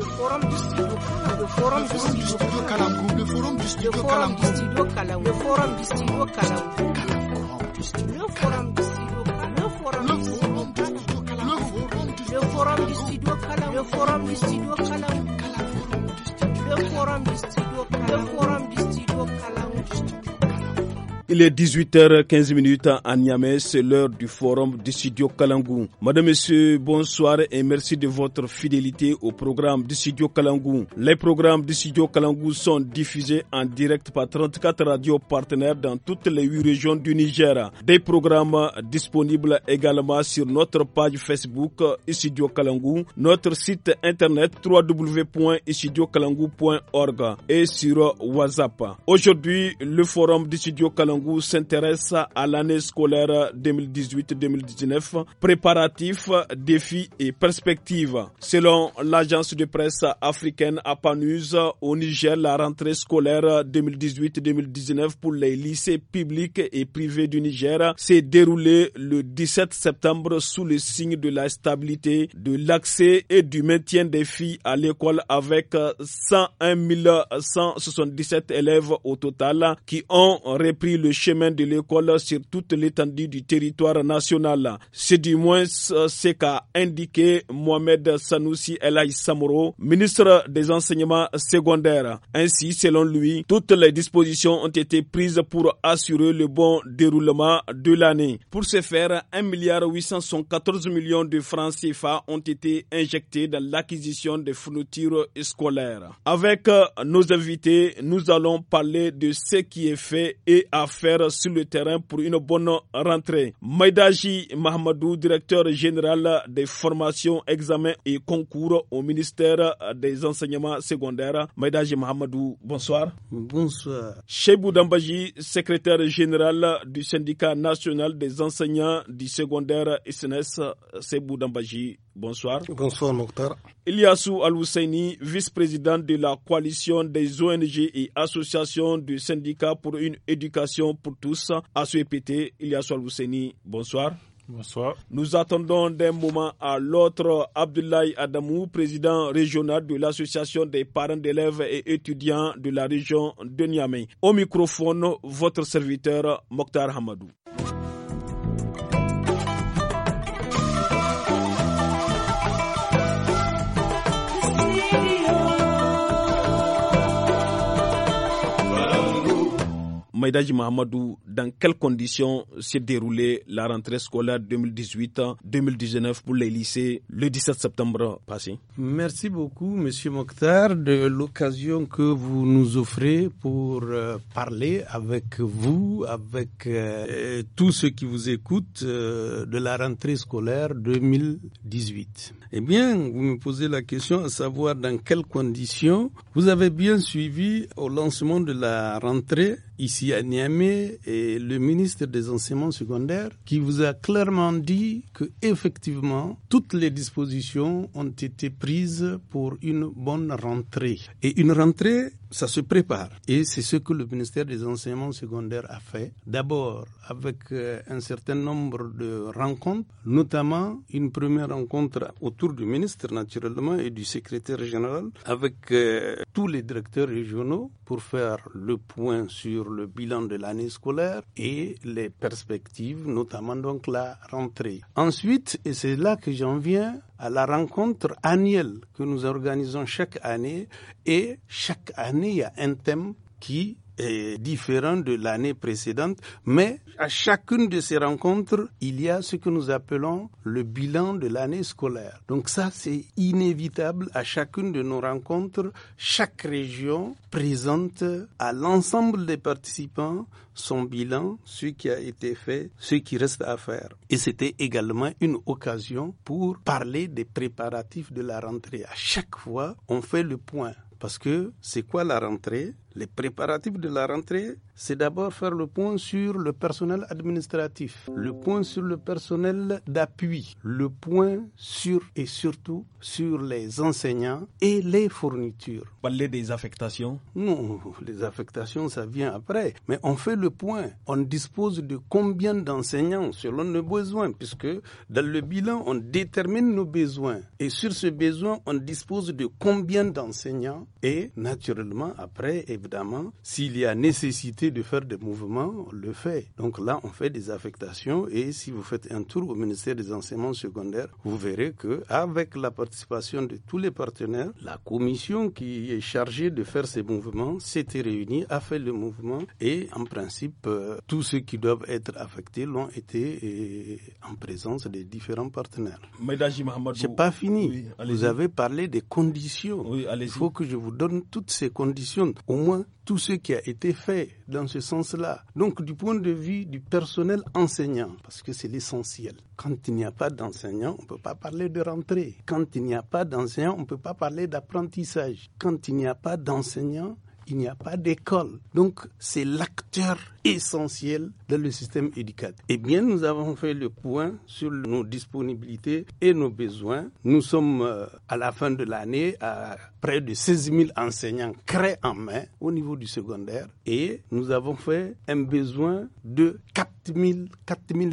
le forum du studio le forum du studio le forum du studio Kalamkou le forum du studio Kalamkou le forum du studio Kalamkou le forum du studio Kalamkou forum du studio forum du studio forum du Il est 18h15 à Niamey, c'est l'heure du forum du studio Kalangou. Madame, Monsieur, bonsoir et merci de votre fidélité au programme du studio Kalangou. Les programmes du studio Kalangou sont diffusés en direct par 34 radios partenaires dans toutes les huit régions du Niger. Des programmes disponibles également sur notre page Facebook Studio Kalangou, notre site internet www.studiokalangou.org et sur WhatsApp. Aujourd'hui, le forum du studio Kalangou s'intéresse à l'année scolaire 2018-2019, préparatifs, défis et perspectives. Selon l'agence de presse africaine APANUS, au Niger, la rentrée scolaire 2018-2019 pour les lycées publics et privés du Niger s'est déroulée le 17 septembre sous le signe de la stabilité, de l'accès et du maintien des filles à l'école avec 101 177 élèves au total qui ont repris le le chemin de l'école sur toute l'étendue du territoire national. C'est du moins ce qu'a indiqué Mohamed Sanoussi El Samoro, ministre des enseignements secondaires. Ainsi, selon lui, toutes les dispositions ont été prises pour assurer le bon déroulement de l'année. Pour ce faire, 1 milliard 814 millions de francs CFA ont été injectés dans l'acquisition des fournitures scolaires. Avec nos invités, nous allons parler de ce qui est fait et à faire faire sur le terrain pour une bonne rentrée. Maïdaji Mahamadou, directeur général des formations, examens et concours au ministère des enseignements secondaires. Maïdaji Mahamadou, bonsoir. Bonsoir. Chebou Dambaji, secrétaire général du syndicat national des enseignants du secondaire SNS. Chebou Dambaji, Bonsoir. Bonsoir, Mokhtar. Iliassou Al-Husseini, vice-président de la coalition des ONG et associations du syndicat pour une éducation pour tous, ASUEPT. Iliassou Al-Husseini, bonsoir. Bonsoir. Nous attendons d'un moment à l'autre Abdoulaye Adamou, président régional de l'association des parents d'élèves et étudiants de la région de Niamey. Au microphone, votre serviteur Mokhtar Hamadou. Maïdaji Mahamadou, dans quelles conditions s'est déroulée la rentrée scolaire 2018-2019 pour les lycées le 17 septembre passé Merci beaucoup, Monsieur Mokhtar, de l'occasion que vous nous offrez pour euh, parler avec vous, avec euh, tous ceux qui vous écoutent euh, de la rentrée scolaire 2018. Eh bien, vous me posez la question à savoir dans quelles conditions vous avez bien suivi au lancement de la rentrée ici à Niamey et le ministre des enseignements secondaires qui vous a clairement dit que effectivement toutes les dispositions ont été prises pour une bonne rentrée et une rentrée ça se prépare. Et c'est ce que le ministère des enseignements secondaires a fait. D'abord, avec euh, un certain nombre de rencontres, notamment une première rencontre autour du ministre, naturellement, et du secrétaire général, avec euh, tous les directeurs régionaux pour faire le point sur le bilan de l'année scolaire et les perspectives, notamment donc la rentrée. Ensuite, et c'est là que j'en viens, à la rencontre annuelle que nous organisons chaque année. Et chaque année, il y a un thème qui est différent de l'année précédente, mais à chacune de ces rencontres, il y a ce que nous appelons le bilan de l'année scolaire. Donc ça, c'est inévitable. À chacune de nos rencontres, chaque région présente à l'ensemble des participants son bilan, ce qui a été fait, ce qui reste à faire. Et c'était également une occasion pour parler des préparatifs de la rentrée. À chaque fois, on fait le point. Parce que c'est quoi la rentrée les préparatifs de la rentrée, c'est d'abord faire le point sur le personnel administratif, le point sur le personnel d'appui, le point sur et surtout sur les enseignants et les fournitures. parlez des affectations Non, les affectations, ça vient après. Mais on fait le point. On dispose de combien d'enseignants selon nos besoins, puisque dans le bilan, on détermine nos besoins. Et sur ce besoin, on dispose de combien d'enseignants. Et naturellement, après, eh évidemment, s'il y a nécessité de faire des mouvements, on le fait. Donc là, on fait des affectations et si vous faites un tour au ministère des enseignements secondaires, vous verrez que avec la participation de tous les partenaires, la commission qui est chargée de faire ces mouvements s'était réunie, a fait le mouvement et en principe, euh, tous ceux qui doivent être affectés l'ont été euh, en présence des différents partenaires. C'est pas fini. vous avez parlé des conditions. Il faut que je vous donne toutes ces conditions. Au moins tout ce qui a été fait dans ce sens-là. Donc du point de vue du personnel enseignant, parce que c'est l'essentiel. Quand il n'y a pas d'enseignant, on ne peut pas parler de rentrée. Quand il n'y a pas d'enseignant, on ne peut pas parler d'apprentissage. Quand il n'y a pas d'enseignant, il n'y a pas d'école. Donc, c'est l'acteur essentiel dans le système éducatif. Eh bien, nous avons fait le point sur nos disponibilités et nos besoins. Nous sommes euh, à la fin de l'année à près de 16 000 enseignants créés en main au niveau du secondaire et nous avons fait un besoin de 4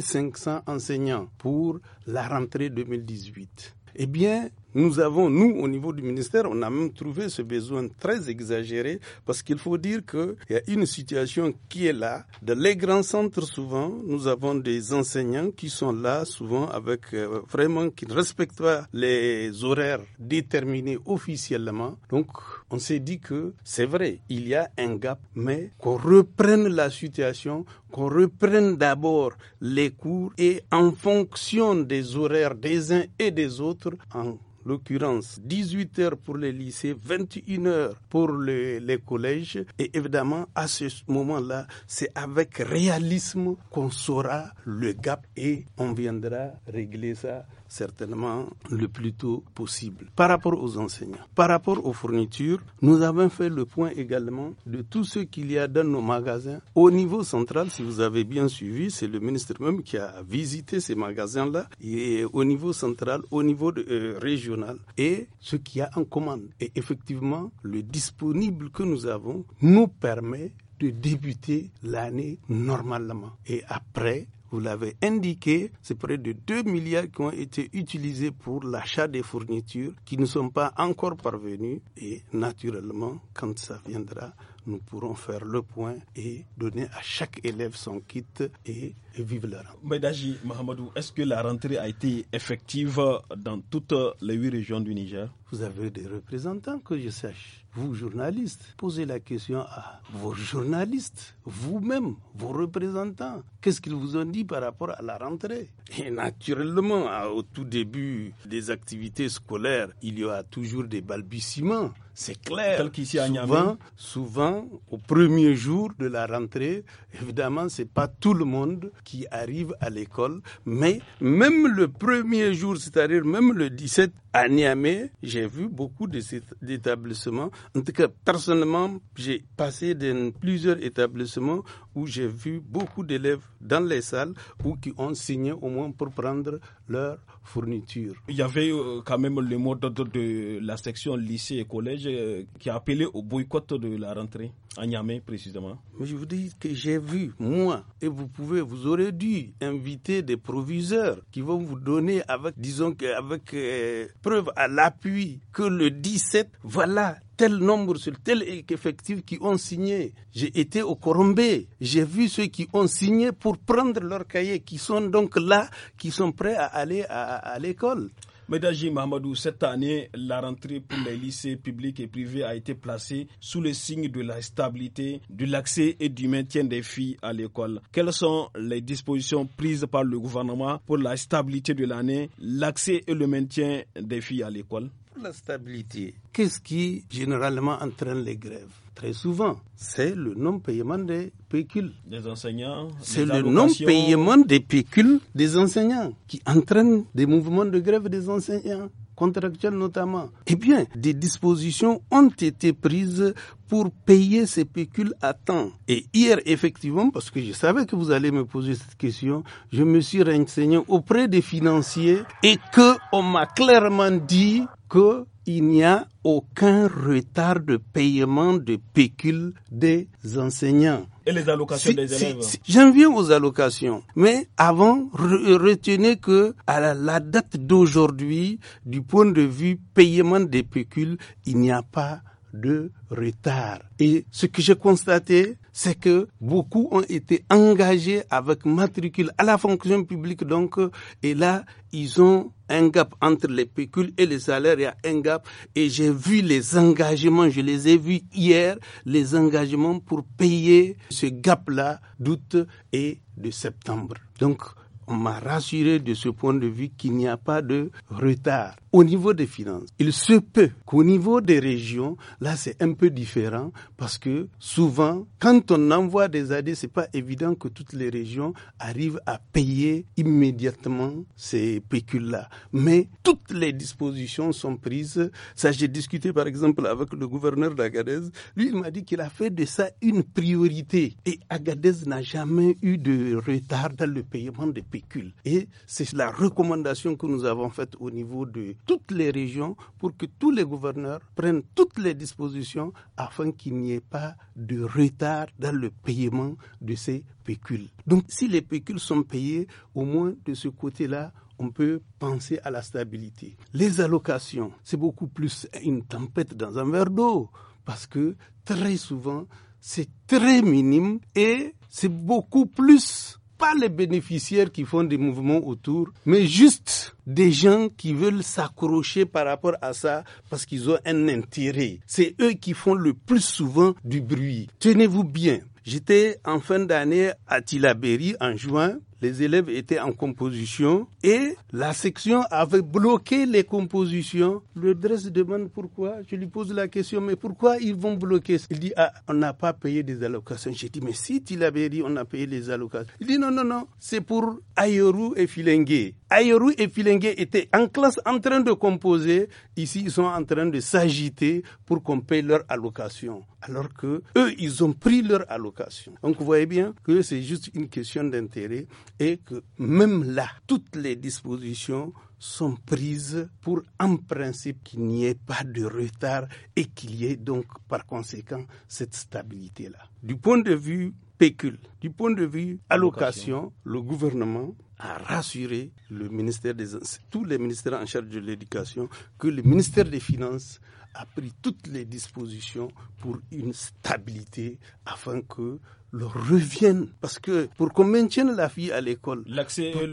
500 enseignants pour la rentrée 2018. Eh bien, nous avons, nous, au niveau du ministère, on a même trouvé ce besoin très exagéré parce qu'il faut dire qu'il y a une situation qui est là. Dans les grands centres, souvent, nous avons des enseignants qui sont là, souvent, avec euh, vraiment, qui ne respectent pas les horaires déterminés officiellement. Donc, on s'est dit que c'est vrai, il y a un gap, mais qu'on reprenne la situation, qu'on reprenne d'abord les cours et en fonction des horaires des uns et des autres, en l'occurrence 18 heures pour les lycées, 21 heures pour les, les collèges. Et évidemment, à ce moment-là, c'est avec réalisme qu'on saura le gap et on viendra régler ça certainement le plus tôt possible. Par rapport aux enseignants, par rapport aux fournitures, nous avons fait le point également de tout ce qu'il y a dans nos magasins. Au niveau central, si vous avez bien suivi, c'est le ministre même qui a visité ces magasins-là, et au niveau central, au niveau euh, régional, et ce qu'il y a en commande. Et effectivement, le disponible que nous avons nous permet de débuter l'année normalement. Et après, vous l'avez indiqué, c'est près de 2 milliards qui ont été utilisés pour l'achat des fournitures qui ne sont pas encore parvenues. Et naturellement, quand ça viendra, nous pourrons faire le point et donner à chaque élève son kit et vivre la rentrée. Medaji Mahamadou, est-ce que la rentrée a été effective dans toutes les huit régions du Niger vous avez des représentants que je sache. Vous, journalistes, posez la question à vos journalistes, vous-même, vos représentants. Qu'est-ce qu'ils vous ont dit par rapport à la rentrée Et naturellement, hein, au tout début des activités scolaires, il y a toujours des balbutiements. C'est clair. Tel qu'ici à souvent, souvent, au premier jour de la rentrée, évidemment, c'est pas tout le monde qui arrive à l'école, mais même le premier jour, c'est-à-dire même le 17, à Niamey, j'ai vu beaucoup d'établissements. En tout cas, personnellement, j'ai passé dans plusieurs établissements où j'ai vu beaucoup d'élèves dans les salles ou qui ont signé au moins pour prendre leur fourniture. Il y avait euh, quand même le mot d'ordre de la section lycée et collège euh, qui a appelé au boycott de la rentrée à Niamey précisément. Mais je vous dis que j'ai vu, moi, et vous pouvez, vous aurez dû inviter des proviseurs qui vont vous donner avec, disons, avec euh, preuve à l'appui que le 17, voilà tel nombre, sur tel effectif qui ont signé. J'ai été au Corombé, j'ai vu ceux qui ont signé pour prendre leur cahier, qui sont donc là, qui sont prêts à aller à, l'école. Médaji Mahamadou, cette année, la rentrée pour les lycées publics et privés a été placée sous le signe de la stabilité, de l'accès et du maintien des filles à l'école. Quelles sont les dispositions prises par le gouvernement pour la stabilité de l'année, l'accès et le maintien des filles à l'école la stabilité, qu'est-ce qui généralement entraîne les grèves Très souvent, c'est le non-paiement des pécules. Des enseignants C'est le non-paiement des pécules des enseignants qui entraîne des mouvements de grève des enseignants contractuels notamment. Eh bien, des dispositions ont été prises pour payer ces pécules à temps. Et hier, effectivement, parce que je savais que vous allez me poser cette question, je me suis renseigné auprès des financiers et que on m'a clairement dit que il n'y a aucun retard de paiement de pécule des enseignants. Et les allocations des élèves J'en viens aux allocations. Mais avant, retenez que à la, la date d'aujourd'hui, du point de vue paiement des pécules, il n'y a pas de retard. Et ce que j'ai constaté, c'est que beaucoup ont été engagés avec matricule à la fonction publique, donc, et là, ils ont un gap entre les pécules et les salaires, il y a un gap. Et j'ai vu les engagements, je les ai vus hier, les engagements pour payer ce gap-là d'août et de septembre. Donc, on m'a rassuré de ce point de vue qu'il n'y a pas de retard au niveau des finances. Il se peut qu'au niveau des régions, là c'est un peu différent parce que souvent, quand on envoie des AD, c'est pas évident que toutes les régions arrivent à payer immédiatement ces pécules-là. Mais toutes les dispositions sont prises. Ça, j'ai discuté par exemple avec le gouverneur d'Agadez. Lui, il m'a dit qu'il a fait de ça une priorité. Et Agadez n'a jamais eu de retard dans le paiement des pécules. Et c'est la recommandation que nous avons faite au niveau de toutes les régions pour que tous les gouverneurs prennent toutes les dispositions afin qu'il n'y ait pas de retard dans le paiement de ces pécules. Donc si les pécules sont payées, au moins de ce côté-là, on peut penser à la stabilité. Les allocations, c'est beaucoup plus une tempête dans un verre d'eau, parce que très souvent, c'est très minime et c'est beaucoup plus pas les bénéficiaires qui font des mouvements autour, mais juste des gens qui veulent s'accrocher par rapport à ça parce qu'ils ont un intérêt. C'est eux qui font le plus souvent du bruit. Tenez-vous bien. J'étais en fin d'année à Tilaberi en juin les élèves étaient en composition et la section avait bloqué les compositions. Le DRESS demande pourquoi. Je lui pose la question, mais pourquoi ils vont bloquer Il dit, ah, on n'a pas payé des allocations. J'ai dit, mais si tu l'avais dit, on a payé les allocations. Il dit, non, non, non, c'est pour Ayoru et Filengue. Ayoru et Filengue étaient en classe en train de composer. Ici, ils sont en train de s'agiter pour qu'on paye leur allocation. Alors que eux, ils ont pris leur allocation. Donc, vous voyez bien que c'est juste une question d'intérêt et que même là, toutes les dispositions sont prises pour, en principe, qu'il n'y ait pas de retard et qu'il y ait donc, par conséquent, cette stabilité-là. Du point de vue pécule, du point de vue allocation, le gouvernement a rassuré le ministère des, tous les ministères en charge de l'éducation que le ministère des Finances a pris toutes les dispositions pour une stabilité afin que leur reviennent. Parce que pour qu'on maintienne la fille à l'école,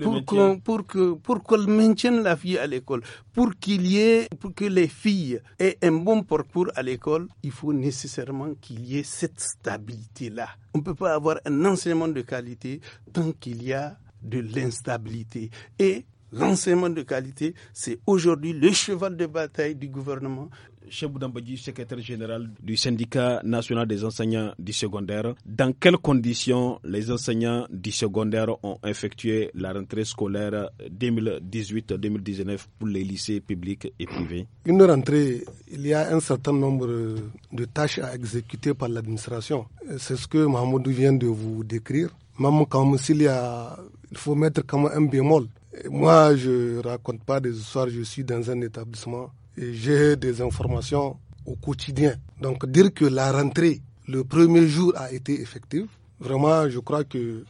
pour, pour, pour, que pour qu'on maintienne la fille à l'école, pour qu'il y ait, pour que les filles aient un bon parcours à l'école, il faut nécessairement qu'il y ait cette stabilité-là. On ne peut pas avoir un enseignement de qualité tant qu'il y a de l'instabilité. Et l'enseignement de qualité, c'est aujourd'hui le cheval de bataille du gouvernement. Chef Boudambadji, secrétaire général du syndicat national des enseignants du secondaire, dans quelles conditions les enseignants du secondaire ont effectué la rentrée scolaire 2018-2019 pour les lycées publics et privés Une rentrée, il y a un certain nombre de tâches à exécuter par l'administration. C'est ce que Mahmoud vient de vous décrire. Même quand s'il y a, il faut mettre comme un bémol moi, je raconte pas des histoires, je suis dans un établissement et j'ai des informations au quotidien. Donc dire que la rentrée, le premier jour a été effective, vraiment, je crois que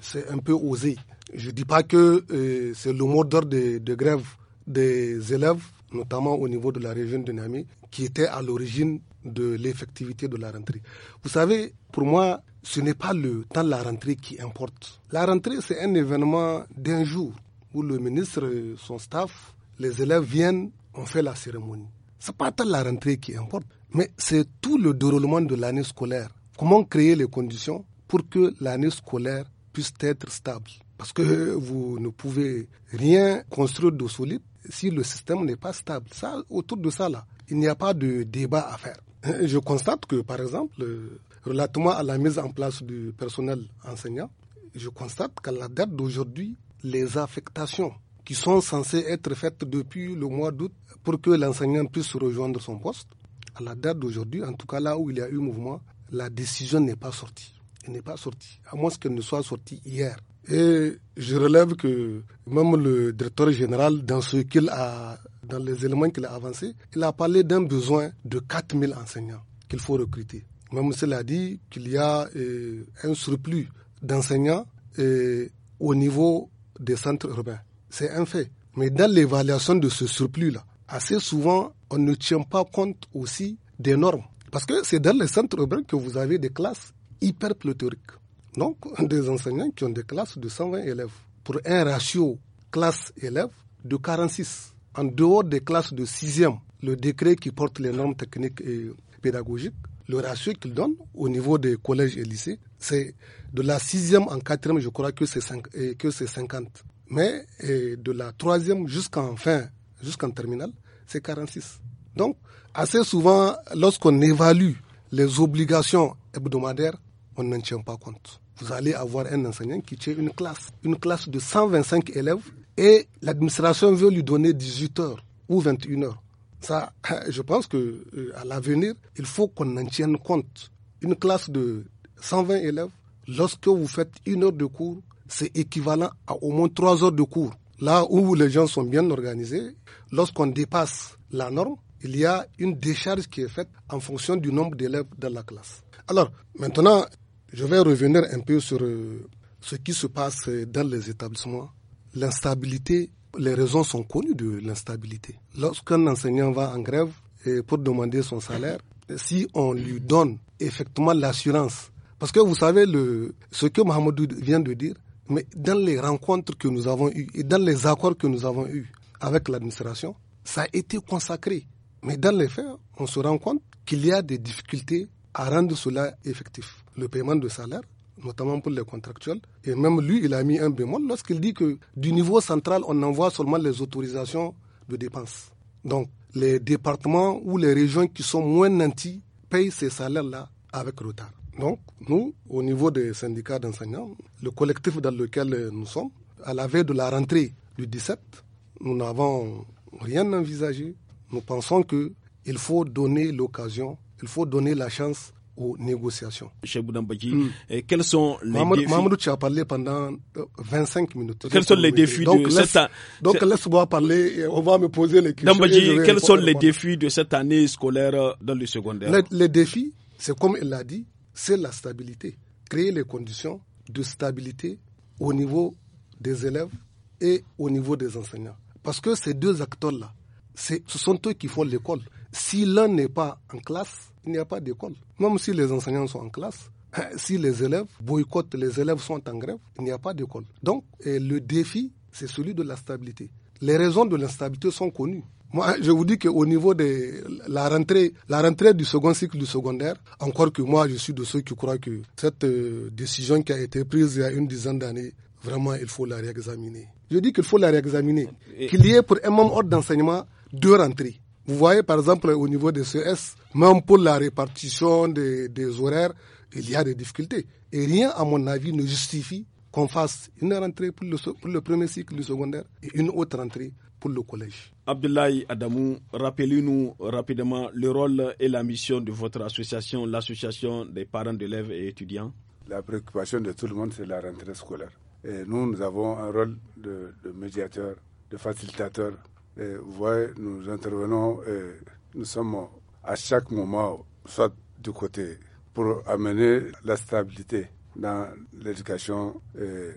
c'est un peu osé. Je ne dis pas que euh, c'est le mot d'ordre de, de, grève des élèves, notamment au niveau de la région de Niamey, qui était à l'origine de l'effectivité de la rentrée. Vous savez, pour moi, ce n'est pas le temps de la rentrée qui importe. La rentrée, c'est un événement d'un jour où le ministre, son staff, les élèves viennent, on fait la cérémonie. C'est pas tant la rentrée qui importe, mais c'est tout le déroulement de l'année scolaire. Comment créer les conditions pour que l'année scolaire puisse être stable Parce que vous ne pouvez rien construire de solide si le système n'est pas stable. Ça, autour de ça, là, il n'y a pas de débat à faire. Euh, je constate que, par exemple, euh, relativement à la mise en place du personnel enseignant, je constate qu'à la date d'aujourd'hui, les affectations qui sont censées être faites depuis le mois d'août pour que l'enseignant puisse rejoindre son poste. À la date d'aujourd'hui, en tout cas là où il y a eu mouvement, la décision n'est pas sortie. Elle n'est pas sortie, à moins qu'elle ne soit sortie hier. Et je relève que même le directeur général, dans ce qu'il a, dans les éléments qu'il a avancés, il a parlé d'un besoin de 4000 enseignants qu'il faut recruter. Même cela a dit qu'il y a euh, un surplus d'enseignants euh, au niveau des centres urbains. C'est un fait. Mais dans l'évaluation de ce surplus-là, assez souvent, on ne tient pas compte aussi des normes. Parce que c'est dans les centres urbains que vous avez des classes hyper pléthoriques. Donc, des enseignants qui ont des classes de 120 élèves pour un ratio classe-élève de 46. En dehors des classes de 6e, le décret qui porte les normes techniques et pédagogiques, le ratio qu'il donne au niveau des collèges et lycées, c'est de la sixième en quatrième, je crois que c'est eh, que c'est 50. Mais eh, de la troisième jusqu'en fin, jusqu'en terminale, c'est 46. Donc, assez souvent, lorsqu'on évalue les obligations hebdomadaires, on n'en tient pas compte. Vous allez avoir un enseignant qui tient une classe, une classe de 125 élèves, et l'administration veut lui donner 18 heures ou 21 heures. Ça, je pense que euh, à l'avenir, il faut qu'on en tienne compte. Une classe de 120 élèves, lorsque vous faites une heure de cours, c'est équivalent à au moins trois heures de cours. Là où les gens sont bien organisés, lorsqu'on dépasse la norme, il y a une décharge qui est faite en fonction du nombre d'élèves dans la classe. Alors, maintenant, je vais revenir un peu sur euh, ce qui se passe dans les établissements. L'instabilité, les raisons sont connues de l'instabilité. Lorsqu'un enseignant va en grève pour demander son salaire, si on lui donne effectivement l'assurance parce que vous savez le, ce que Mahamadou vient de dire, mais dans les rencontres que nous avons eues et dans les accords que nous avons eus avec l'administration, ça a été consacré. Mais dans les faits, on se rend compte qu'il y a des difficultés à rendre cela effectif. Le paiement de salaire, notamment pour les contractuels, et même lui, il a mis un bémol lorsqu'il dit que du niveau central, on envoie seulement les autorisations de dépenses. Donc, les départements ou les régions qui sont moins nantis payent ces salaires-là avec retard. Donc, nous, au niveau des syndicats d'enseignants, le collectif dans lequel euh, nous sommes, à la veille de la rentrée du 17, nous n'avons rien envisagé. Nous pensons qu'il faut donner l'occasion, il faut donner la chance aux négociations. Chez hmm. eh, quels sont les défis Mahmoud, tu as parlé pendant 25 euh, minutes. Quels sont les défis donc, de laisse, cette année Donc laisse-moi parler, et on va me poser les questions. Dambaji, quels sont les défis de cette année scolaire euh, dans le secondaire Les, les défis, c'est comme il l'a dit, c'est la stabilité. Créer les conditions de stabilité au niveau des élèves et au niveau des enseignants. Parce que ces deux acteurs-là, ce sont eux qui font l'école. Si l'un n'est pas en classe, il n'y a pas d'école. Même si les enseignants sont en classe, hein, si les élèves boycottent, les élèves sont en grève, il n'y a pas d'école. Donc, le défi, c'est celui de la stabilité. Les raisons de l'instabilité sont connues. Moi, je vous dis qu'au niveau de la rentrée, du second cycle du secondaire, encore que moi, je suis de ceux qui croient que cette euh, décision qui a été prise il y a une dizaine d'années, vraiment, il faut la réexaminer. Je dis qu'il faut la réexaminer. Qu'il y ait pour un même ordre d'enseignement deux rentrées. Vous voyez, par exemple, au niveau des CES, même pour la répartition des, horaires, il y a des difficultés. Et rien, à mon avis, ne justifie qu'on fasse une rentrée pour le, premier cycle du secondaire et une autre rentrée le collège. Abdoulaye Adamou, rappelez-nous rapidement le rôle et la mission de votre association, l'association des parents d'élèves et étudiants. La préoccupation de tout le monde, c'est la rentrée scolaire. Et nous, nous avons un rôle de, médiateur, de facilitateur. Et vous voyez, nous intervenons, et nous sommes à chaque moment, soit du côté, pour amener la stabilité dans l'éducation. Et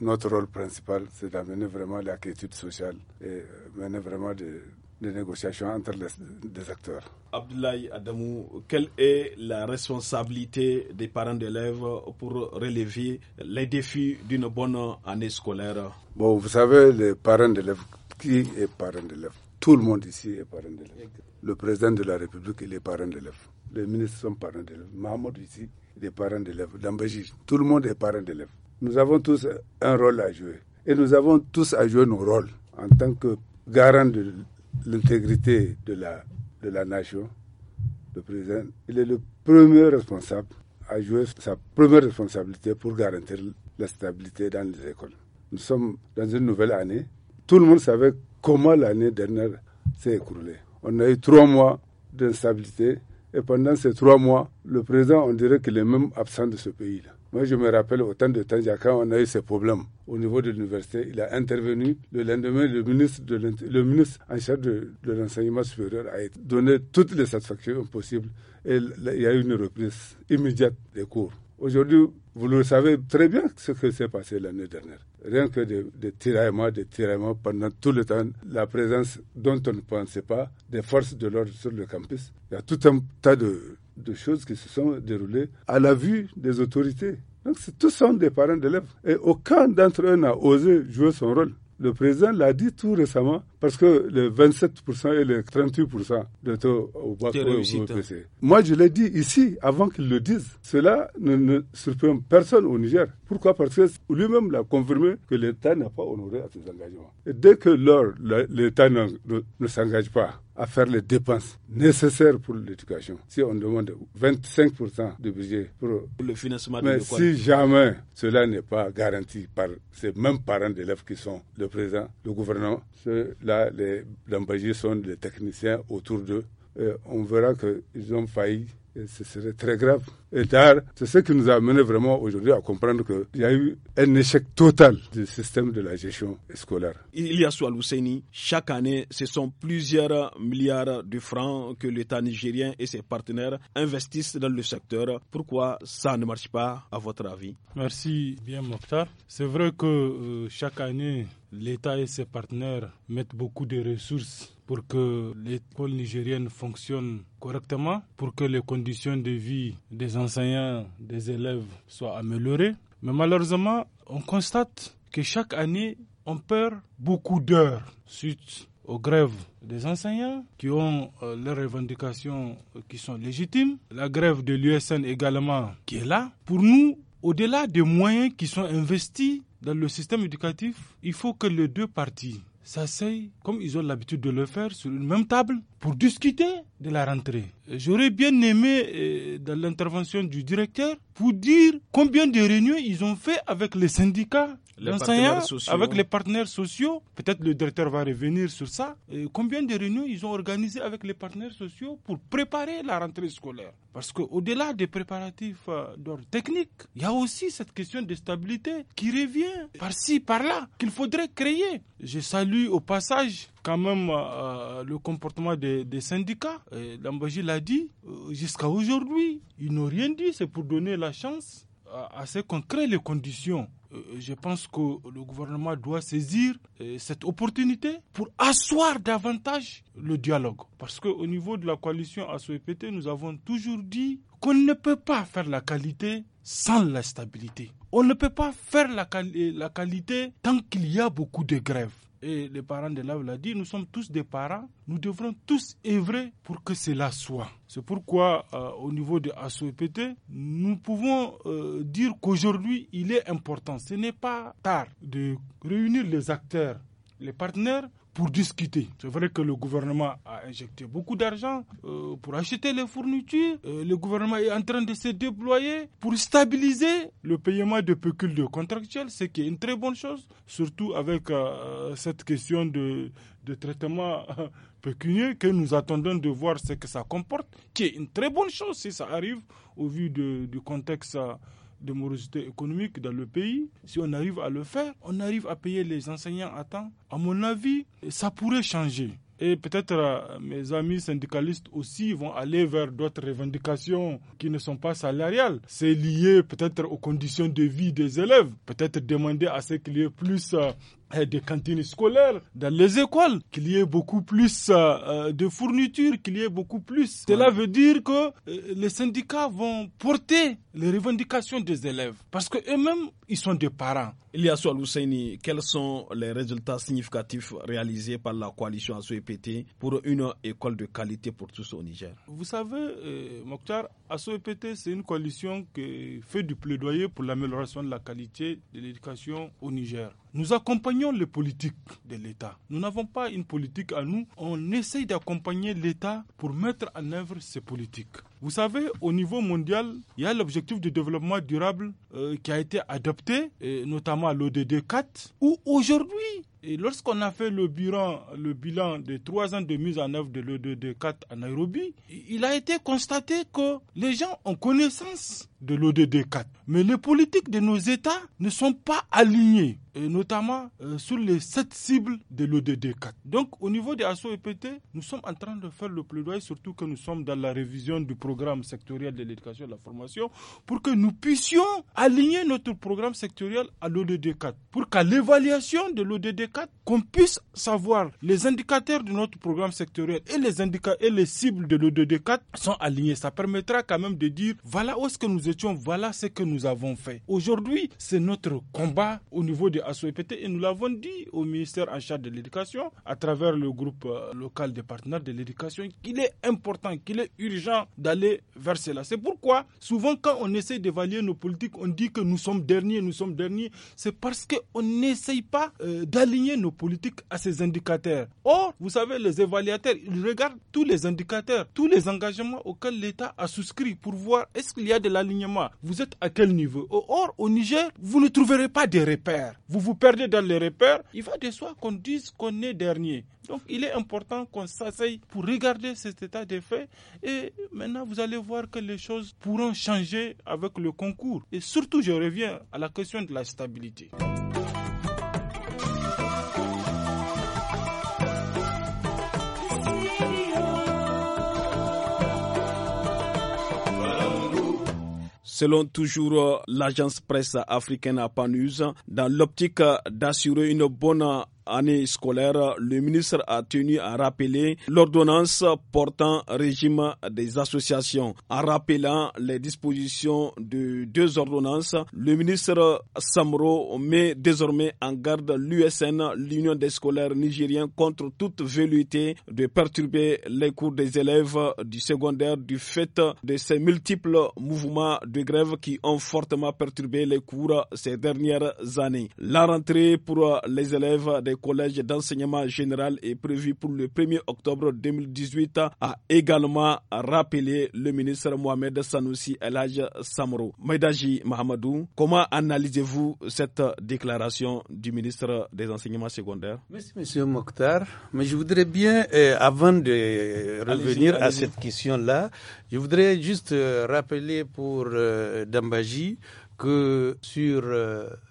notre rôle principal, c'est d'amener vraiment la quiétude sociale et mener vraiment des, négociations entre les acteurs. Abdoulaye Adamou, quelle est la responsabilité des parents d'élèves pour relever les défis d'une bonne année scolaire Bon, vous savez, les parents d'élèves, qui est parent d'élèves Tout le monde ici est parent d'élèves. Le président de la République, il est parent d'élèves. Les ministres sont parents d'élèves. Mahmoud ici, il est parent d'élèves. Dambéji, tout le monde est parent d'élèves. Nous avons tous un rôle à jouer. Et nous avons tous à jouer nos rôles en tant que garant de l'intégrité de la, nation, le président. Il est le premier responsable à jouer sa première responsabilité pour garantir la stabilité dans les écoles. Nous sommes dans une nouvelle année. Tout le monde savait comment l'année dernière s'est écroulée. On a eu trois mois d'instabilité et pendant ces trois mois, le président, on dirait qu'il est même absent de ce pays-là. Moi, je me rappelle au temps de Tanja, quand on a eu ces problèmes au niveau de l'université, il a intervenu. Le lendemain, le ministre, de le ministre en charge de, l'enseignement supérieur a donné toutes les satisfactions possibles et il y a eu une reprise immédiate des cours. Aujourd'hui, vous le savez très bien ce que s'est passé l'année dernière. Rien que des de tiraillements, des tiraillements pendant tout le temps, la présence dont on ne pensait pas des forces de l'ordre sur le campus. Il y a tout un tas de, de choses qui se sont déroulées à la vue des autorités. Donc tous sont des parents d'élèves. Et aucun d'entre eux n'a osé jouer son rôle. Le président l'a dit tout récemment parce que le 27% et les 38% de taux au bac au Moi, je l'ai dit ici avant qu'ils le disent. Cela ne, surprend personne au Niger. Pourquoi Parce que lui-même l'a confirmé que l'État n'a pas honoré à ses engagements. Et dès que l'État ne s'engage pas, à faire les dépenses nécessaires pour l'éducation. Si on demande 25% de budget pour le financement de Mais si jamais cela n'est pas garanti par ces mêmes parents d'élèves qui sont le président, le gouvernement, ceux-là, les sont des techniciens autour d'eux. on verra qu'ils ont failli ce serait très grave. Et d'ailleurs, c'est ce qui nous a amené vraiment aujourd'hui à comprendre qu'il y a eu un échec total du système de la gestion scolaire. Il y a Ousseni, chaque année, ce sont plusieurs milliards de francs que l'État nigérien et ses partenaires investissent dans le secteur. Pourquoi ça ne marche pas, à votre avis Merci bien, Mokhtar. C'est vrai que euh, chaque année, l'État et ses partenaires mettent beaucoup de ressources pour que l'école nigérienne fonctionne correctement, pour que les conditions de vie des enseignants, des élèves soient améliorées. Mais malheureusement, on constate que chaque année, on perd beaucoup d'heures suite aux grèves des enseignants qui ont euh, leurs revendications qui sont légitimes. La grève de l'USN également qui est là. Pour nous, au-delà des moyens qui sont investis dans le système éducatif, il faut que les deux parties, s'asseyent, comme ils ont l'habitude de le faire, sur une même table pour discuter de la rentrée. J'aurais bien aimé, euh, dans l'intervention du directeur, pour dire combien de réunions ils ont fait avec les syndicats l'enseignant avec les partenaires sociaux. Peut-être le directeur va revenir sur ça. combien de réunions ils ont organisées avec les partenaires sociaux pour préparer la rentrée scolaire Parce qu'au-delà des préparatifs euh, d'ordre technique, il y a aussi cette question de stabilité qui revient par-ci, par-là, qu'il faudrait créer. Je salue au passage quand même euh, euh, le comportement des, syndicats. Lambaji l'a dit, jusqu'à aujourd'hui, ils n'ont rien dit, c'est pour donner la chance Assez concret les conditions euh, euh, je pense que le gouvernement doit saisir euh, cette opportunité pour asseoir davantage le dialogue. Parce qu'au niveau de la coalition ASOEPT, nous avons toujours dit qu'on ne peut pas faire la qualité sans la stabilité. On ne peut pas faire la qualité tant qu'il y a beaucoup de grèves et les parents de vous l'a dit, nous sommes tous des parents, nous devrons tous œuvrer pour que cela soit. C'est pourquoi euh, au niveau de ASOEPT, nous pouvons euh, dire qu'aujourd'hui, il est important, ce n'est pas tard de réunir les acteurs, les partenaires pour discuter. C'est vrai que le gouvernement a injecté beaucoup d'argent euh, pour acheter les fournitures. Euh, le gouvernement est en train de se déployer pour stabiliser le paiement de pécules de contractuels, ce qui est une très bonne chose, surtout avec euh, cette question de, de traitement pécunier que nous attendons de voir ce que ça comporte, qui est une très bonne chose si ça arrive au vu du contexte de morosité économique dans le pays. Si on arrive à le faire, on arrive à payer les enseignants à temps. À mon avis, ça pourrait changer. Et peut-être euh, mes amis syndicalistes aussi vont aller vers d'autres revendications qui ne sont pas salariales. C'est lié peut-être aux conditions de vie des élèves. Peut-être demander à ce qu'il y ait plus euh, des cantines scolaires, dans les écoles, qu'il y ait beaucoup plus euh, euh, de fournitures, qu'il y ait beaucoup plus. Cela veut dire que euh, les syndicats vont porter les revendications des élèves, parce qu'eux-mêmes, ils sont des parents. Ilyas Alousseni, quels sont les résultats significatifs réalisés par la coalition ASOEPT pour une école de qualité pour tous au Niger Vous savez, Mokhtar, ASOEPT, c'est une coalition qui fait du plaidoyer pour l'amélioration de la qualité de l'éducation au Niger. Nous accompagnons les politiques de l'État. Nous n'avons pas une politique à nous. On essaye d'accompagner l'État pour mettre en œuvre ces politiques. Vous savez, au niveau mondial, il y a l'objectif de développement durable euh, qui a été adopté, notamment à l'ODD 4, où aujourd'hui, lorsqu'on a fait le bilan, le bilan des trois ans de mise en œuvre de l'ODD 4 à Nairobi, il a été constaté que les gens ont connaissance de l'ODD 4. Mais les politiques de nos États ne sont pas alignées, et notamment euh, sur les sept cibles de l'ODD 4. Donc, au niveau des EPT, nous sommes en train de faire le plaidoyer, surtout que nous sommes dans la révision du programme sectoriel de l'éducation et de la formation, pour que nous puissions aligner notre programme sectoriel à l'ODD 4, pour qu'à l'évaluation de l'ODD 4, qu'on puisse savoir les indicateurs de notre programme sectoriel et les, et les cibles de l'ODD 4 sont alignés. Ça permettra quand même de dire, voilà où est-ce que nous voilà ce que nous avons fait. Aujourd'hui, c'est notre combat au niveau de ASOEPT et nous l'avons dit au ministère en charge de l'éducation, à travers le groupe euh, local des partenaires de l'éducation, qu'il est important, qu'il est urgent d'aller vers cela. C'est pourquoi, souvent, quand on essaie d'évaluer nos politiques, on dit que nous sommes derniers, nous sommes derniers. C'est parce qu'on n'essaye pas euh, d'aligner nos politiques à ces indicateurs. Or, vous savez, les évaluateurs, ils regardent tous les indicateurs, tous les engagements auxquels l'État a souscrit pour voir est-ce qu'il y a de l'alignement vous êtes à quel niveau Or, au Niger, vous ne trouverez pas de repères. Vous vous perdez dans les repères. Il va de soi qu'on dise qu'on est dernier. Donc, il est important qu'on s'asseye pour regarder cet état des faits. Et maintenant, vous allez voir que les choses pourront changer avec le concours. Et surtout, je reviens à la question de la stabilité. selon toujours euh, l'agence presse africaine APANUS, dans l'optique euh, d'assurer une bonne année scolaire, le ministre a tenu à rappeler l'ordonnance portant régime des associations. En rappelant les dispositions de deux ordonnances, le ministre Samro met désormais en garde l'USN, l'Union des scolaires nigériens, contre toute velléité de perturber les cours des élèves du secondaire du fait de ces multiples mouvements de grève qui ont fortement perturbé les cours ces dernières années. La rentrée pour les élèves des collège d'enseignement général est prévu pour le 1er octobre 2018, a également rappelé le ministre Mohamed Sanoussi El Aja Samro. Maïdaji Mahamadou, comment analysez-vous cette déclaration du ministre des Enseignements secondaires Merci, monsieur Mokhtar. Mais je voudrais bien, euh, avant de revenir à cette question-là, je voudrais juste euh, rappeler pour euh, Dambaji que sur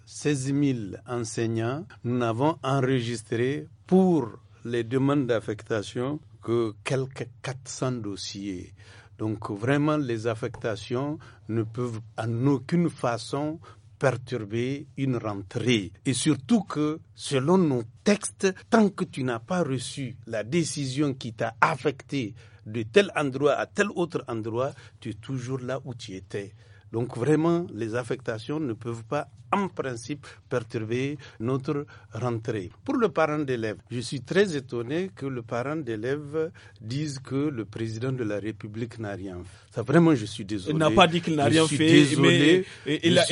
16 euh, 000 enseignants, nous n'avons enregistré pour les demandes d'affectation que quelques 400 dossiers. Donc vraiment, les affectations ne peuvent en aucune façon perturber une rentrée. Et surtout que, selon nos textes, tant que tu n'as pas reçu la décision qui t'a affecté de tel endroit à tel autre endroit, tu es toujours là où tu étais. Donc vraiment, les affectations ne peuvent pas en principe perturber notre rentrée. Pour le parent d'élève, je suis très étonné que le parent d'élève dise que le président de la République n'a rien fait. Ça, vraiment, je suis désolé. Il n'a pas dit qu'il n'a rien fait, il a,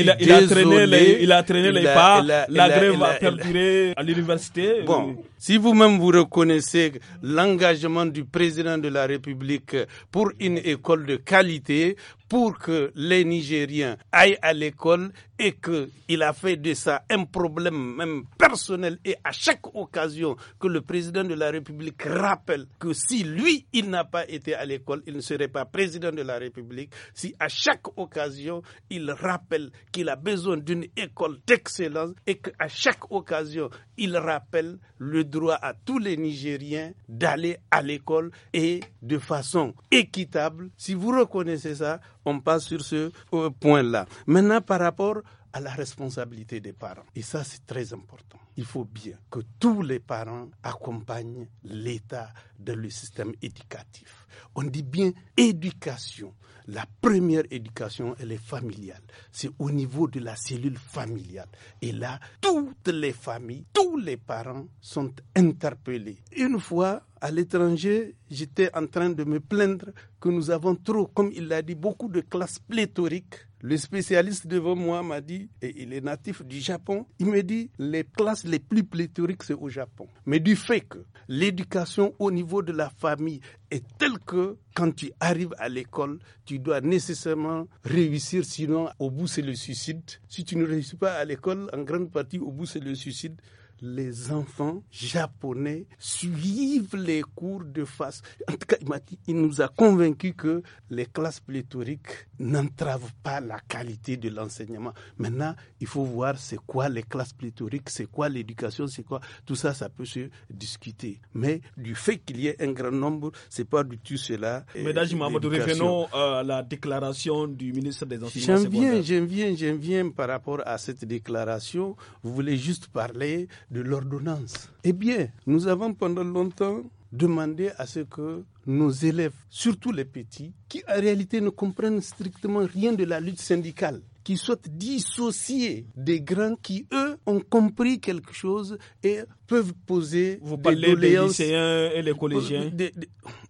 traîné les, il pas. la, grève a, perduré à l'université. Bon, si vous-même vous reconnaissez l'engagement du président de la République pour une école de qualité, pour que les Nigériens aillent à l'école et que il a fait de ça un problème même personnel et à chaque occasion que le président de la République rappelle que si lui, il n'a pas été à l'école, il ne serait pas président de la République, si à chaque occasion, il rappelle qu'il a besoin d'une école d'excellence et qu'à chaque occasion, il rappelle le droit à tous les Nigériens d'aller à l'école et de façon équitable. Si vous reconnaissez ça, on passe sur ce euh, point-là. Maintenant, par rapport à la responsabilité des parents. Et ça, c'est très important. Il faut bien que tous les parents accompagnent l'État de le système éducatif. On dit bien éducation. La première éducation, elle est familiale. C'est au niveau de la cellule familiale. Et là, toutes les familles, tous les parents sont interpellés. Une fois à l'étranger, j'étais en train de me plaindre que nous avons trop, comme il l'a dit, beaucoup de classes pléthoriques. Le spécialiste devant moi m'a dit, et il est natif du Japon, il me dit les classes les plus pléthoriques, c'est au Japon. Mais du fait que l'éducation au niveau de la famille et tel que quand tu arrives à l'école, tu dois nécessairement réussir, sinon au bout c'est le suicide. Si tu ne réussis pas à l'école, en grande partie au bout c'est le suicide les enfants japonais suivent les cours de face. En tout cas, il, nous a convaincus que les classes pléthoriques n'entravent pas la qualité de l'enseignement. Maintenant, il faut voir c'est quoi les classes pléthoriques, c'est quoi l'éducation, c'est quoi. Tout ça, ça peut se discuter. Mais du fait qu'il y ait un grand nombre, c'est pas du tout cela. Euh, Mesdames messieurs, revenons euh, à la déclaration du ministre des Enseignements J'en viens, j'en viens, j'en viens par rapport à cette déclaration. Vous voulez juste parler de l'ordonnance. Eh bien, nous avons pendant longtemps demandé à ce que nos élèves, surtout les petits, qui en réalité ne comprennent strictement rien de la lutte syndicale, qui soient dissociés des grands qui, eux, ont compris quelque chose et peuvent poser Vous des parlez des lycéens et les collégiens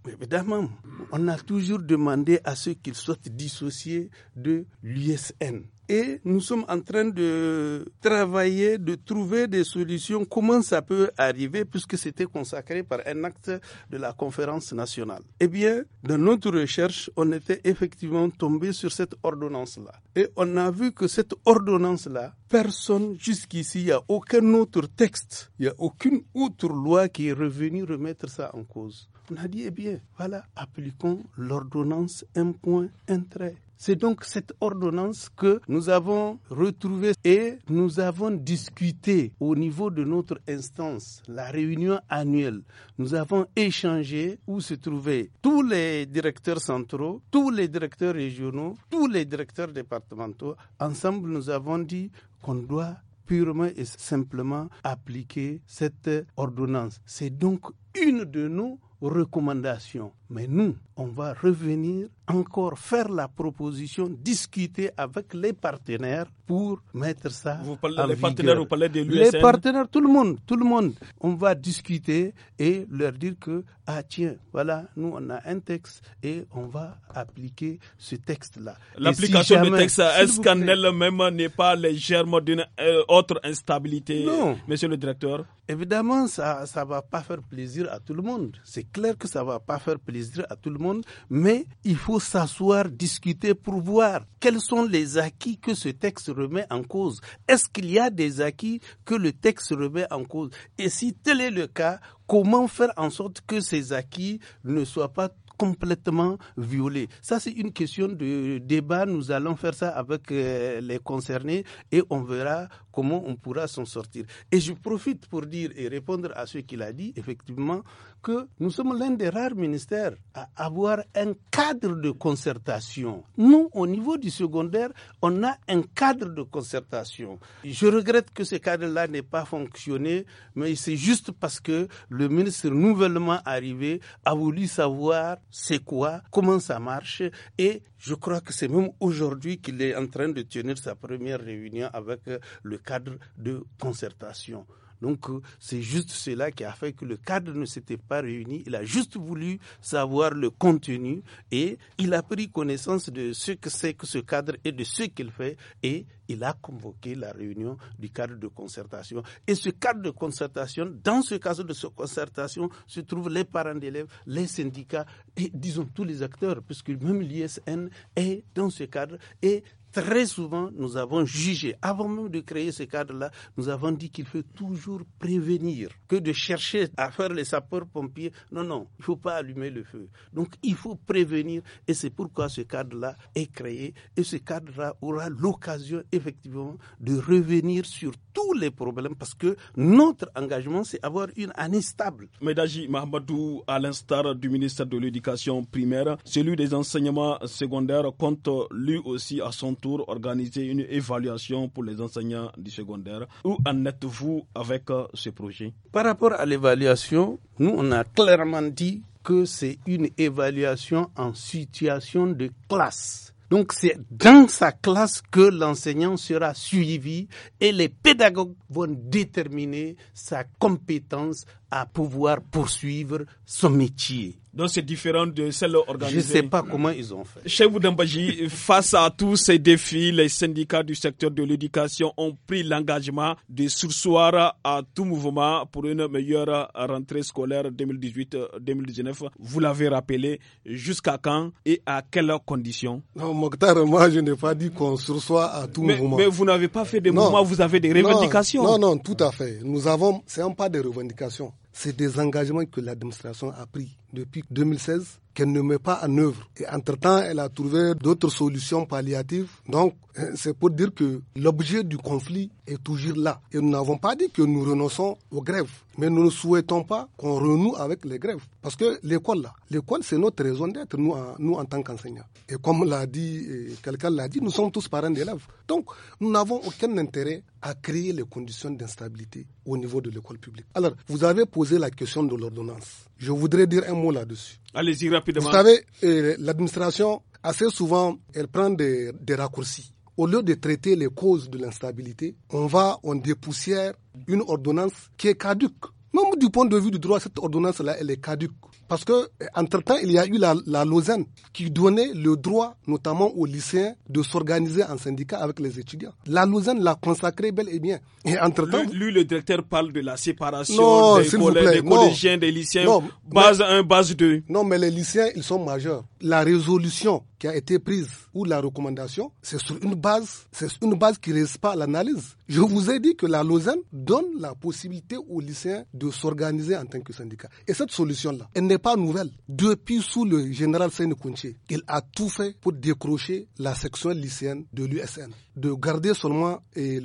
Évidemment, on a toujours demandé à ce qu'ils soient dissociés de l'USN, et nous sommes en train de travailler, de trouver des solutions. Comment ça peut arriver puisque c'était consacré par un acte de la conférence nationale Eh bien, dans notre recherche, on était effectivement tombé sur cette ordonnance-là. Et on a vu que cette ordonnance-là, personne jusqu'ici, il n'y a aucun autre texte, il n'y a aucune autre loi qui est revenue remettre ça en cause. On a dit, eh bien, voilà, appliquons l'ordonnance un point, trait. C'est donc cette ordonnance que nous avons retrouvée et nous avons discuté au niveau de notre instance, la réunion annuelle. Nous avons échangé où se trouvaient tous les directeurs centraux, tous les directeurs régionaux, tous les directeurs départementaux. Ensemble, nous avons dit qu'on doit purement et simplement appliquer cette ordonnance. C'est donc une de nos recommandations. Mais nous, on va revenir encore faire la proposition, discuter avec les partenaires pour mettre ça vous parlez, les Partenaires, vous parlez de les partenaires, tout le monde, tout le monde. On va discuter et leur dire que ah tiens, voilà, nous on a un texte et on va appliquer ce texte-là. L'application du texte, est-ce qu'en elle-même n'est pas légèrement d'une euh, autre instabilité, non. Monsieur le directeur Évidemment, ça ne va pas faire plaisir à tout le monde. C'est clair que ça ne va pas faire plaisir à tout le monde, mais il faut s'asseoir, discuter pour voir quels sont les acquis que ce texte remet en cause. Est-ce qu'il y a des acquis que le texte remet en cause Et si tel est le cas, comment faire en sorte que ces acquis ne soient pas complètement violés Ça, c'est une question de débat. Nous allons faire ça avec euh, les concernés et on verra comment on pourra s'en sortir. Et je profite pour dire et répondre à ce qu'il a dit, effectivement, que nous sommes l'un des rares ministères à avoir un cadre de concertation. Nous, au niveau du secondaire, on a un cadre de concertation. Je regrette que ce cadre-là n'ait pas fonctionné, mais c'est juste parce que le ministre nouvellement arrivé a voulu savoir c'est quoi, comment ça marche, et je crois que c'est même aujourd'hui qu'il est en train de tenir sa première réunion avec le cadre de concertation. Donc euh, c'est juste cela qui a fait que le cadre ne s'était pas réuni. Il a juste voulu savoir le contenu et il a pris connaissance de ce que c'est que ce cadre et de ce qu'il fait et il a convoqué la réunion du cadre de concertation. Et ce cadre de concertation, dans ce cadre de ce concertation, se trouvent les parents d'élèves, les syndicats et disons tous les acteurs, puisque même l'ISN est dans ce cadre et très souvent, nous avons jugé, avant même de créer ce cadre-là, nous avons dit qu'il faut toujours prévenir que de chercher à faire les sapeurs-pompiers. Non, non, il ne faut pas allumer le feu. Donc, il faut prévenir et c'est pourquoi ce cadre-là est créé et ce cadre-là aura l'occasion, effectivement, de revenir sur tous les problèmes parce que notre engagement, c'est avoir une année stable. Medaji Mahamadou, à l'instar du ministère de l'Éducation primaire, celui des enseignements secondaires compte lui aussi à son tour organiser une évaluation pour les enseignants du secondaire. Où en êtes-vous avec euh, ce projet Par rapport à l'évaluation, nous, on a clairement dit que c'est une évaluation en situation de classe. Donc c'est dans sa classe que l'enseignant sera suivi et les pédagogues vont déterminer sa compétence à pouvoir poursuivre son métier. Donc c'est différent de celle organisée. Je ne sais pas comment ils ont fait. Chez Boudambaji, face à tous ces défis, les syndicats du secteur de l'éducation ont pris l'engagement de sursoir à tout mouvement pour une meilleure rentrée scolaire 2018-2019. Vous l'avez rappelé, jusqu'à quand et à quelles conditions Non, Mokhtar, moi je n'ai pas dit qu'on sursoit à tout mouvement. Mais vous n'avez pas fait de mouvement, vous avez des revendications. Non, non, tout à fait. Nous avons, ce n'est pas des revendications. C'est des engagements que l'administration a pris depuis 2016 qu'elle ne met pas en œuvre. Et entre-temps, elle a trouvé d'autres solutions palliatives. Donc, hein, c'est pour dire que l'objet du conflit est toujours là. Et nous n'avons pas dit que nous renonçons aux grèves, mais nous ne souhaitons pas qu'on renoue avec les grèves. Parce que l'école, là, l'école, c'est notre raison d'être, nous, nous, en tant qu'enseignants. Et comme l'a dit, euh, quelqu'un l'a dit, nous sommes tous parents d'élèves. Donc, nous n'avons aucun intérêt à créer les conditions d'instabilité au niveau de l'école publique. Alors, vous avez posé la question de l'ordonnance. Je voudrais dire un mot là-dessus. Allez-y rapidement. Vous savez, euh, l'administration, assez souvent, elle prend des, des raccourcis au lieu de traiter les causes de l'instabilité, on va, on dépoussière une ordonnance qui est caduque. Même du point de vue du droit, cette ordonnance-là, elle est caduque. Parce que, euh, entre-temps, il y a eu la, Lausanne qui donnait le droit, notamment aux lycéens, de s'organiser en syndicat avec les étudiants. La Lausanne l'a consacré bel et bien. Et entre-temps. Lui, le directeur parle de la séparation des, collè des, collégiens, des lycéens, base 1, base 2. Non, mais les lycéens, ils sont majeurs la résolution qui a été prise ou la recommandation, c'est sur une base, c'est une base qui ne reste pas l'analyse. Je vous ai dit que la Lausanne donne la possibilité aux lycéens de s'organiser en tant que syndicat. Et cette solution-là, elle n'est pas nouvelle. Depuis sous le général seine Kounché, il a tout fait pour décrocher la section lycéenne de l'USN, de garder seulement eh,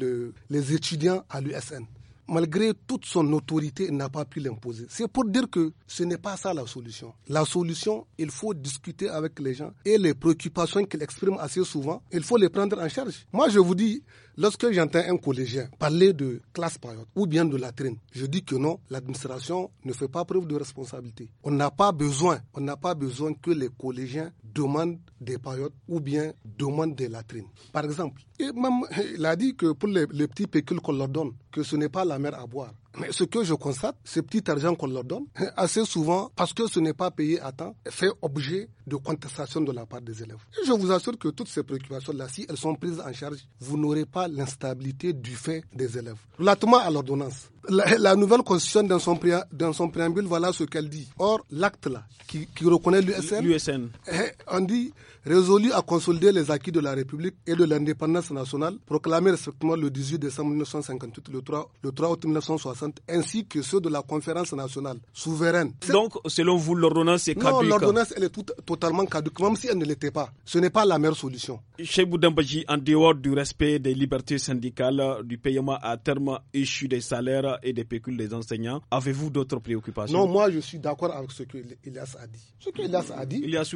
les étudiants à l'USN malgré toute son autorité, n'a pas pu l'imposer. C'est pour dire que ce n'est pas ça la solution. La solution, il faut discuter avec les gens et les préoccupations qu'ils expriment assez souvent, il faut les prendre en charge. Moi, je vous dis, Lorsque j'entends un collégien parler de classe période ou bien de latrine, je dis que non, l'administration ne fait pas preuve de responsabilité. On n'a pas besoin, on n'a pas besoin que les collégiens demandent des périodes ou bien demandent des latrines. Par exemple, et il a dit que pour les, petits pécules qu'on leur donne, que ce n'est pas la mer à boire. Mais ce que je constate, ce petit argent qu'on leur donne, hein, assez souvent, parce que ce n'est pas payé à temps, fait objet de contestation de la part des élèves. je vous assure que toutes ces préoccupations-là, si elles sont prises en charge, vous n'aurez pas l'instabilité du fait des élèves. Relativement à l'ordonnance, la, nouvelle constitution dans son, dans son préambule, voilà ce qu'elle dit. Or, l'acte là, qui, qui reconnaît l'USN, hein, on dit résolu à consolider les acquis de la République et de l'indépendance nationale, proclamé respectivement le 18 décembre 1958, le 3, le 3 août 1960, ainsi que ceux de la conférence nationale souveraine. Donc, selon vous, l'ordonnance est caduque Non, l'ordonnance, elle est tout, totalement caduque, même si elle ne l'était pas. Ce n'est pas la meilleure solution. Chez Boudambaji, en dehors du respect des libertés syndicales, du paiement à terme issu des salaires, et des pécules des enseignants. Avez-vous d'autres préoccupations Non, moi je suis d'accord avec ce que a dit. Ce que a dit. Elias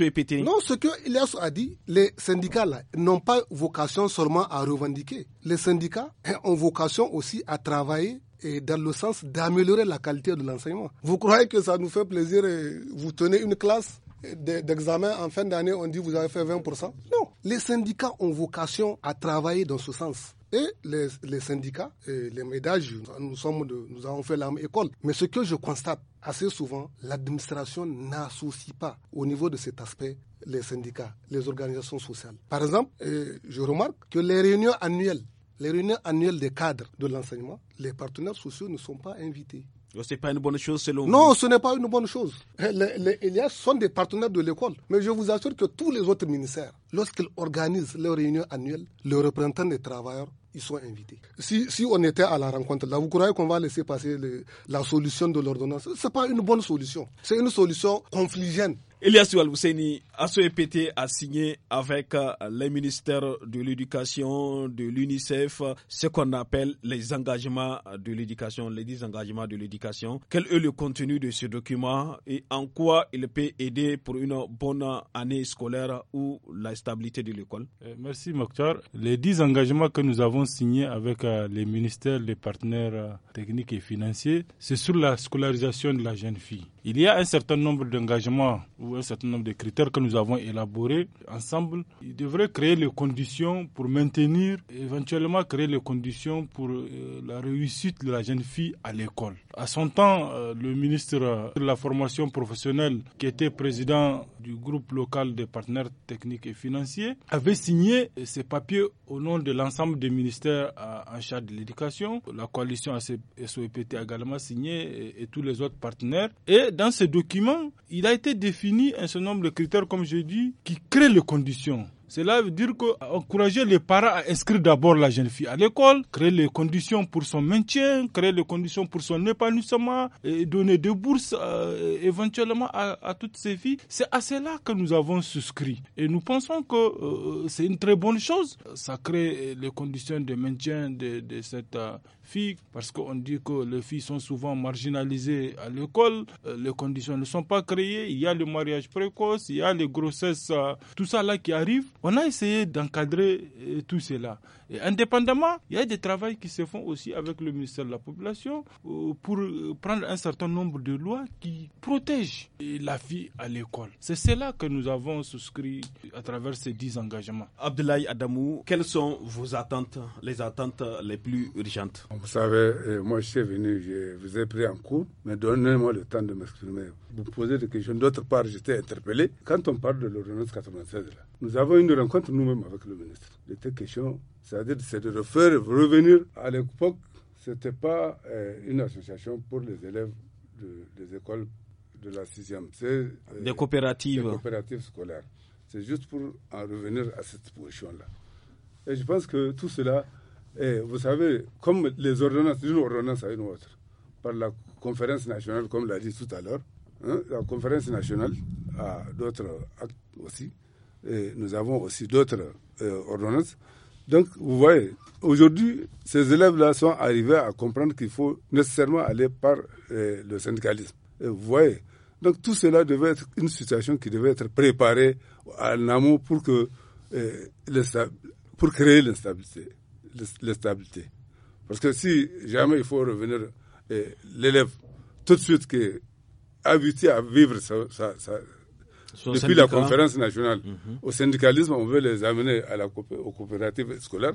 et Pété. Non, ce que a dit, les syndicats n'ont pas vocation seulement à revendiquer. Les syndicats ont vocation aussi à travailler et dans le sens d'améliorer la qualité de l'enseignement. Vous croyez que ça nous fait plaisir et vous tenez une classe d'examen en fin d'année, on dit vous avez fait 20%. Non, les syndicats ont vocation à travailler dans ce sens. Et les, syndicats, les médages, nous, sommes nous avons fait même école. Mais ce que je constate assez souvent, l'administration n'associe pas au niveau de cet aspect les syndicats, les organisations sociales. Par exemple, je remarque que les réunions annuelles, les réunions annuelles des cadres de l'enseignement, les partenaires sociaux ne sont pas invités. Ce n'est pas une bonne chose selon Non, ce n'est pas une bonne chose. Eh, les, les Elias sont des partenaires de l'école. Mais je vous assure que tous les autres ministères, lorsqu'ils organisent leurs réunions annuelles, le représentants des travailleurs, ils sont invités. Si, si on était à la rencontre, là, vous croyez qu'on va laisser passer la solution de l'ordonnance Ce n'est pas une bonne solution. C'est une solution confligène. Elias Oualousseni, ASOEPT a signé avec euh, les ministères de l'Éducation, de l'UNICEF, ce qu'on appelle les engagements de l'éducation, les 10 engagements de l'éducation. Quel est le contenu de ce document et en quoi il peut aider pour une bonne année scolaire ou la stabilité de l'école euh, Merci Mokhtar. Les 10 engagements que nous avons signés avec euh, les ministères, les partenaires techniques et financiers, c'est sur la scolarisation de la jeune fille. Il y a un certain nombre d'engagements ou un certain nombre de critères que nous avons élaborés ensemble. Il devrait créer les conditions pour maintenir, éventuellement créer les conditions pour euh, la réussite de la jeune fille à l'école. À son temps, euh, le ministre de la formation professionnelle, qui était président du groupe local des partenaires techniques et financiers, avait signé ces papiers au nom de l'ensemble des ministères en charge de l'éducation. La coalition SOEPT a également signé et, et tous les autres partenaires. Et dans ce document, il a été défini un certain nombre de critères, comme je dis, qui créent les conditions. Cela veut dire qu'encourager les parents à inscrire d'abord la jeune fille à l'école, créer les conditions pour son maintien, créer les conditions pour son épanouissement, et donner des bourses euh, éventuellement à, toutes ces filles. C'est à cela que nous avons souscrit. Et nous pensons que euh, c'est une très bonne chose. Ça crée les conditions de maintien de, cette euh, filles, parce qu'on dit que les filles sont souvent marginalisées à l'école, euh, les conditions ne sont pas créées, il y a le mariage précoce, il y a les grossesses, euh, tout ça là qui arrive. On a essayé d'encadrer euh, tout cela. Et indépendamment, il y a des travaux qui se font aussi avec le ministère de la Population pour prendre un certain nombre de lois qui protègent la fille à l'école. C'est cela que nous avons souscrit à travers ces dix engagements. Abdoulaye Adamou, quelles sont vos attentes, les attentes les plus urgentes vous savez, euh, moi je suis venu, je vous ai pris en cours, mais donnez-moi le temps de m'exprimer. Vous posez des questions. D'autre part, j'étais interpellé. Quand on parle de l'ordonnance 96, nous avons une rencontre nous-mêmes avec le ministre. Il était question, c'est-à-dire, c'est de refaire, revenir. À l'époque, ce n'était pas euh, une association pour les élèves des écoles de la 6e. C'est euh, des coopératives. Des coopératives scolaires. C'est juste pour en revenir à cette position-là. Et je pense que tout cela et eh, vous savez, comme les ordonnances, d'une ordonnance à une autre, par la conférence nationale, comme l'a dit tout à l'heure, hein, la conférence nationale a d'autres actes aussi. Et nous avons aussi d'autres euh, ordonnances. Donc, vous voyez, aujourd'hui, ces élèves-là sont arrivés à comprendre qu'il faut nécessairement aller par euh, le syndicalisme. vous voyez, donc tout cela devait être une situation qui devait être préparée en amont pour que euh, pour créer l'instabilité l'instabilité. Parce que si jamais il faut revenir, l'élève, tout de suite, qui est habitué à vivre depuis la conférence nationale, mhm. au syndicalisme, on veut les amener à la, aux coopératives scolaires.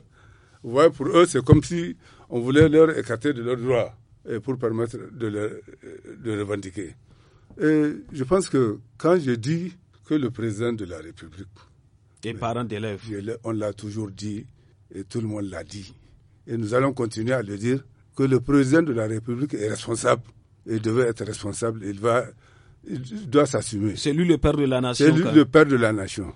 Vous voyez, pour eux, c'est comme si on voulait leur écarter de leurs droits pour permettre de, le, revendiquer. Et je pense que quand je dis que le président de la République. les parents d'élèves. On l'a toujours dit, et tout le monde l'a dit. Et nous allons continuer à le dire que le président de la République est responsable. Il devait être responsable. Il va, il doit s'assumer. C'est lui le père de la nation. C'est lui le père de la nation.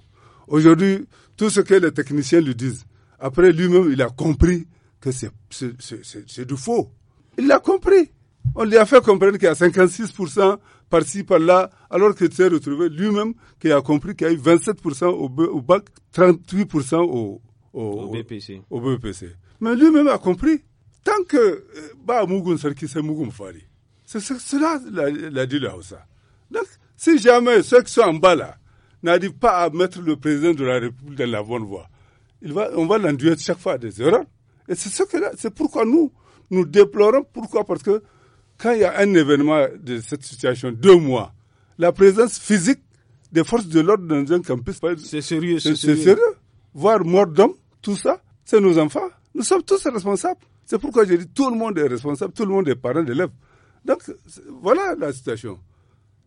Aujourd'hui, tout ce que les techniciens lui disent, après lui-même, il a compris que c'est du faux. Il l'a compris. On lui a fait comprendre qu'il y a 56% par-ci, par-là, alors qu'il s'est retrouvé lui-même, qui a compris qu'il y a eu 27% au, bac, 38% au, au, BPC. Au BPC. Mais lui-même a compris. Tant que bah, c'est Fari. C'est cela l'a dit le Hausa. Donc, si jamais ceux qui sont en bas là n'arrivent pas à mettre le président de la République dans la bonne voie, il va, on va l'enduire chaque fois à des erreurs. Et c'est ce que c'est pourquoi nous, nous déplorons. Pourquoi Parce que quand il y a un événement de cette situation, deux mois, la présence physique des forces de l'ordre dans un campus, c'est sérieux, c'est sérieux. sérieux. Voir mort d'homme, tout ça, c'est nos enfants. Nous sommes tous responsables. C'est pourquoi je dis tout le monde est responsable, tout le monde est parent d'élèves. Donc voilà la situation.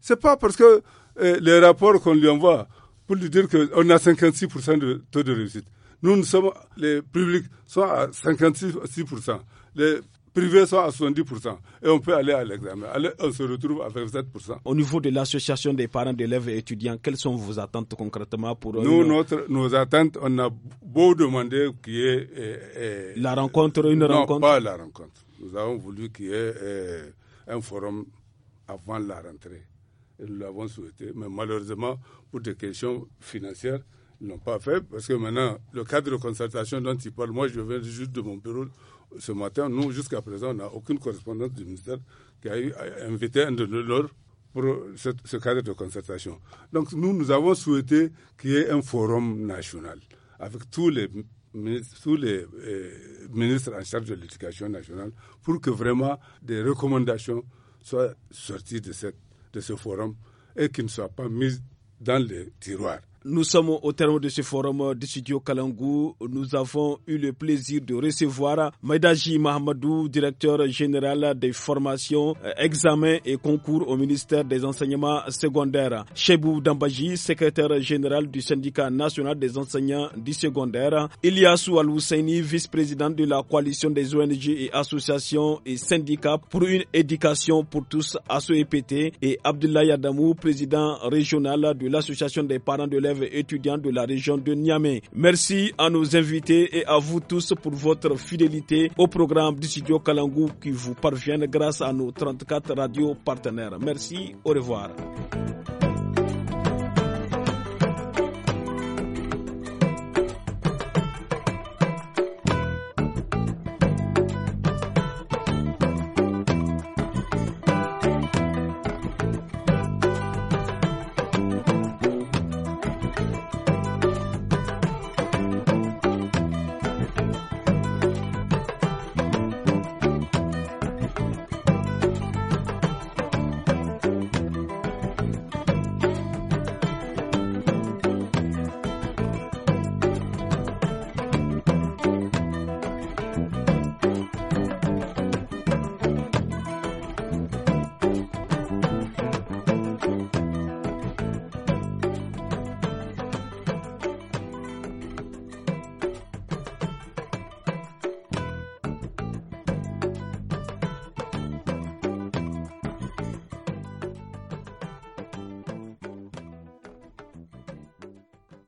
Ce n'est pas parce que euh, les rapports qu'on lui envoie pour lui dire qu'on a 56% de taux de réussite. Nous, nous sommes, les publics soit à 56%. Les privés sont à 70%. Et on peut aller à l'examen. On se retrouve avec 7%. Au niveau de l'association des parents d'élèves et étudiants, quelles sont vos attentes concrètement pour Nous, nos attentes, on a beau demander qu'il y ait. Eh, eh, la rencontre, une rencontre Non, pas la rencontre. Nous avons voulu qu'il y ait eh, un forum avant la rentrée. nous l'avons souhaité. Mais malheureusement, pour des questions financières, ils ne l'ont pas fait parce que maintenant, le cadre de consultation dont il parle, moi je viens juste de mon bureau ce matin, nous, jusqu'à présent, on n'a aucune correspondance du ministère qui a, invité un de leurs pour ce, cadre de concertation. Donc, nous, nous avons souhaité qu'il y ait un forum national avec tous les ministres, tous les euh, ministres en charge de l'éducation nationale pour que vraiment des recommandations soient sorties de, cette, de ce forum et qu'ils ne soient pas mises dans les tiroirs. Nous sommes au terme de ce forum du Studio Kalangou. Nous avons eu le plaisir de recevoir Maïdaji Mahamadou, directeur général des formations, euh, examens et concours au ministère des enseignements secondaires. Chebou Dambaji, secrétaire général du syndicat national des enseignants du secondaire. Iliasou al vice-président de la coalition des ONG et associations et syndicats pour une éducation pour tous à ce EPT. Et Abdoulaye Adamou, président régional de l'association des parents de l'élève étudiants de la région de Niamey. Merci à nos invités et à vous tous pour votre fidélité au programme du studio Kalangou qui vous parvient grâce à nos 34 radios partenaires. Merci, au revoir.